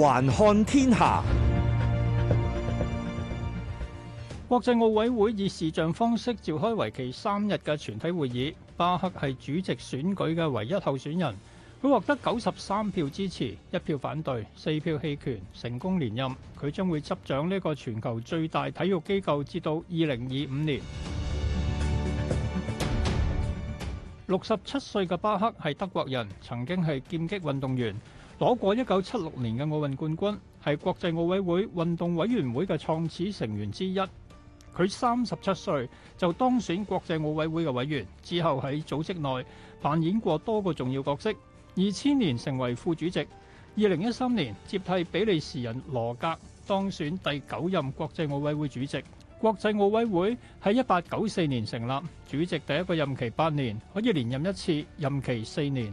環看天下，國際奧委會以視像方式召開為期三日嘅全體會議。巴赫係主席選舉嘅唯一候選人，佢獲得九十三票支持，一票反對，四票棄權，成功連任。佢將會執掌呢個全球最大體育機構至到二零二五年。六十七歲嘅巴赫係德國人，曾經係劍擊運動員。攞過一九七六年嘅奧運冠軍，係國際奧委會運動委員會嘅創始成員之一。佢三十七歲就當選國際奧委會嘅委員，之後喺組織內扮演過多個重要角色。二千年成為副主席，二零一三年接替比利時人羅格，當選第九任國際奧委會主席。國際奧委會喺一八九四年成立，主席第一個任期八年，可以連任一次，任期四年。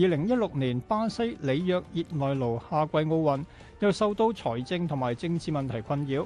二零一六年巴西里約熱內盧夏季奧運又受到財政同埋政治問題困擾。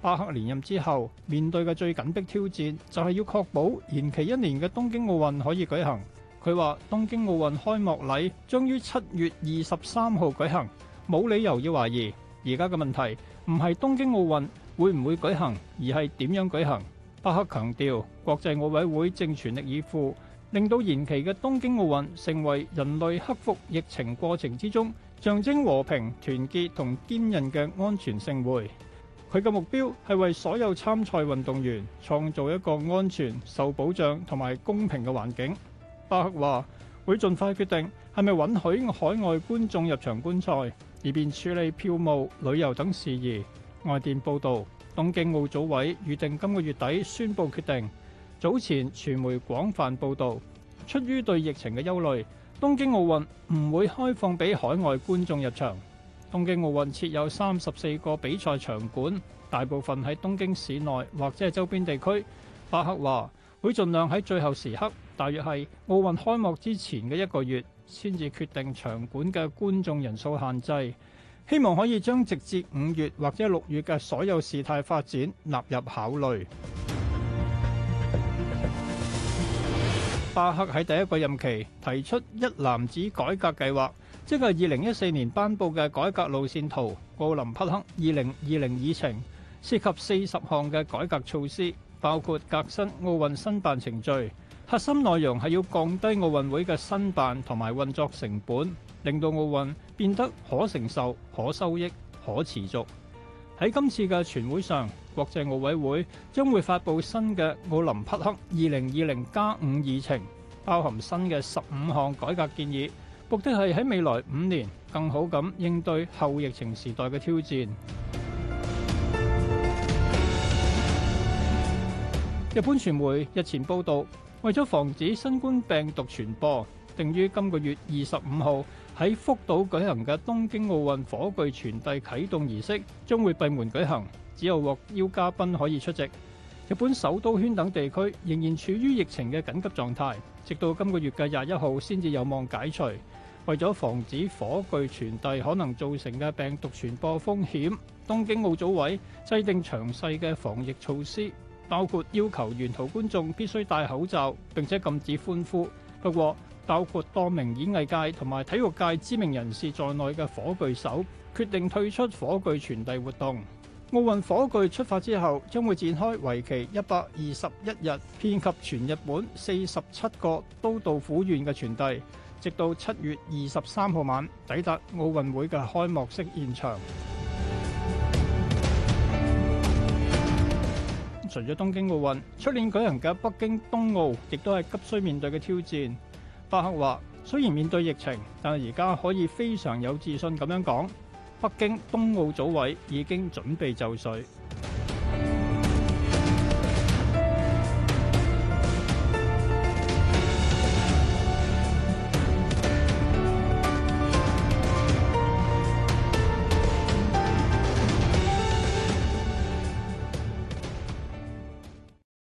巴赫連任之後，面對嘅最緊迫挑戰就係要確保延期一年嘅東京奧運可以舉行。佢話東京奧運開幕禮將於七月二十三號舉行，冇理由要懷疑。而家嘅問題唔係東京奧運會唔會舉行，而係點樣舉行。巴赫強調，國際奧委會正全力以赴。令到延期嘅東京奧運成為人類克服疫情過程之中，象徵和平、團結同堅韌嘅安全盛會。佢嘅目標係為所有參賽運動員創造一個安全、受保障同埋公平嘅環境。巴赫話：會盡快決定係咪允許海外觀眾入場觀賽，以便處理票務、旅遊等事宜。外電報道，東京奧組委預定今個月底宣布決定。早前傳媒廣泛報道，出於對疫情嘅憂慮，東京奧運唔會開放俾海外觀眾入場，東京奧運設有三十四個比賽場館，大部分喺東京市內或者係周邊地區，巴赫話會盡量喺最後時刻，大約係奧運開幕之前嘅一個月，先至決定場館嘅觀眾人數限制。希望可以將直至五月或者六月嘅所有事態發展納入考慮。巴赫喺第一個任期提出一籃子改革計劃，即係二零一四年頒布嘅改革路線圖《奧林匹克2020議程》，涉及四十項嘅改革措施，包括革新奧運申辦程序。核心內容係要降低奧運會嘅申辦同埋運作成本，令到奧運變得可承受、可收益、可持續。喺今次嘅全會上，國際奧委會將會發布新嘅奧林匹克二零二零加五議程，包含新嘅十五項改革建議，目的係喺未來五年更好咁應對後疫情時代嘅挑戰。日本傳媒日前報道，為咗防止新冠病毒傳播，定於今個月二十五號喺福島舉行嘅東京奧運火炬傳遞啟動儀式將會閉門舉行，只有獲邀嘉賓可以出席。日本首都圈等地區仍然處於疫情嘅緊急狀態，直到今個月嘅廿一號先至有望解除。為咗防止火炬傳遞可能造成嘅病毒傳播風險，東京奧組委制定詳細嘅防疫措施，包括要求沿途觀眾必須戴口罩，並且禁止歡呼。不過，包括多名演藝界同埋體育界知名人士在內嘅火炬手決定退出火炬傳遞活動。奧運火炬出發之後，將會展開為期一百二十一日，遍及全日本四十七個都道府縣嘅傳遞，直到七月二十三號晚抵達奧運會嘅開幕式現場。除咗東京奧運，出年舉行嘅北京冬奧亦都係急需面對嘅挑戰。巴赫話：雖然面對疫情，但係而家可以非常有自信咁樣講，北京冬奧組委已經準備就緒。